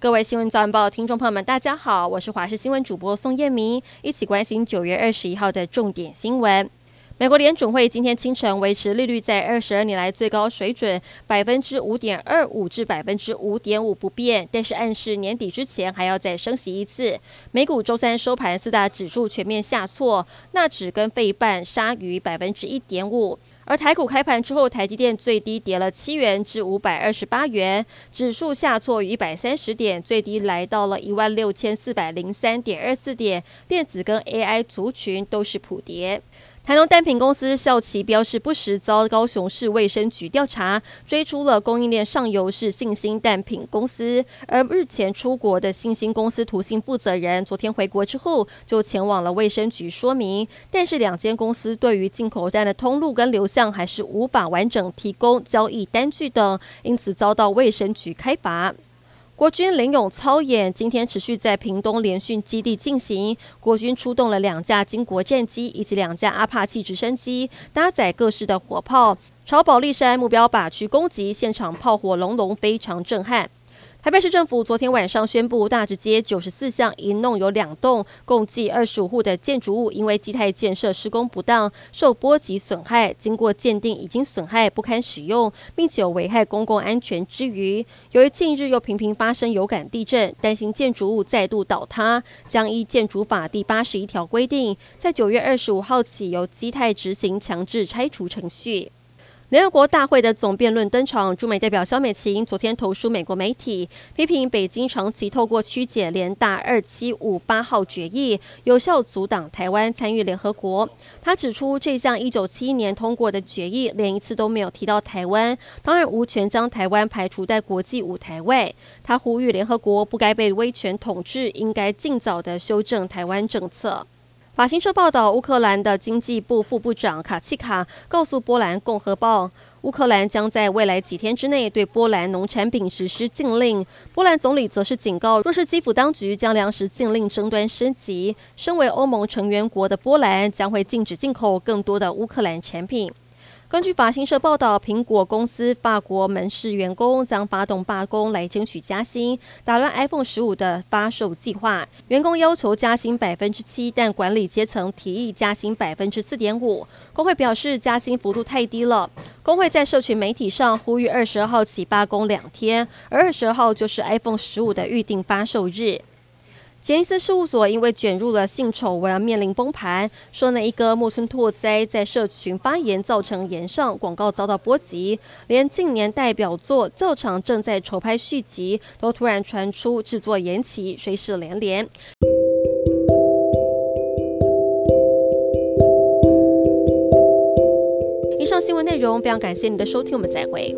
各位新聞午報聽眾朋友們，大家好，我是華視新聞主播宋燕明，一起關心九月二十一號的重點新聞。美國聯準會今天清晨維持利率在二十二年來最高水準百分之五點二五至百分之五點五不變，但是暗示年底之前還要再升息一次。美股週三收盤，四大指數全面下挫，納指跟費半殺逾百分之一點五。而台股開盤之後，台積電最低跌了七元，至五百二十八元，指數下挫逾一百三十點，最低來到了一萬六千四百零三點二四點，電子跟 AI 族群都是普跌。台龍蛋品公司效期標示不實遭高雄市衛生局調查，追出了供應鏈上游是信興蛋品公司，而日前出國的信興公司涂姓負責人，昨天回國之後就前往了衛生局說明，但是兩間公司對於進口蛋的通路跟流向還是無法完整提供交易單據等，因此遭到衛生局開罰。國軍聯勇操演，今天持續在屏東聯訓基地進行，國軍出動了兩架經國戰機以及兩架阿帕契直升機，搭載各式的火炮朝保力山目標靶區攻擊，現場炮火隆隆，非常震撼。台北市政府昨天晚上宣布，大直街九十四巷一弄有兩棟，共計二十五戶的建築物，因為基泰建設施工不當，受波及損害。經過鑑定，已經損害不堪使用，並且有危害公共安全之余，由於近日又頻頻發生有感地震，擔心建築物再度倒塌，將依建築法第八十一條規定，在九月二十五號起由基泰執行強制拆除程序。聯合國大會的總辯論登場，駐美代表蕭美琴昨天投書美國媒體，批評北京長期透過曲解聯大二七五八號決議，有效阻擋台灣參與聯合國。她指出，這項一九七一年通過的決議，連一次都沒有提到台灣，當然無權將台灣排除在國際舞台外。她呼籲聯合國不該被威權統治，應該盡早的修正台灣政策。法新社報道，烏克蘭的經濟部副部長卡契卡告訴波蘭《共和報》，烏克蘭將在未來幾天之內對波蘭農產品實施禁令。波蘭總理則是警告，若是基輔當局將糧食禁令爭端升級，身為歐盟成員國的波蘭將會禁止進口更多的烏克蘭產品。根據法新社報道，蘋果公司法國門市員工將發動罷工，來爭取加薪，打亂 iPhone 十五的發售計劃。員工要求加薪百分之七，但管理階層提議加薪百分之四點五。工會表示加薪幅度太低了。工會在社群媒體上呼籲，二十二號起罷工兩天，而二十二號就是 iPhone 十五的預定發售日。傑尼斯事務所因為捲入了性醜聞，而面臨崩盤，說呢？一個木村拓哉在社群發言造成炎上廣告遭到波及，連近年代表作《教場》正在籌拍續集，都突然傳出制作延期，衰事連連。以上新聞內容非常感謝您的收聽，我們再會。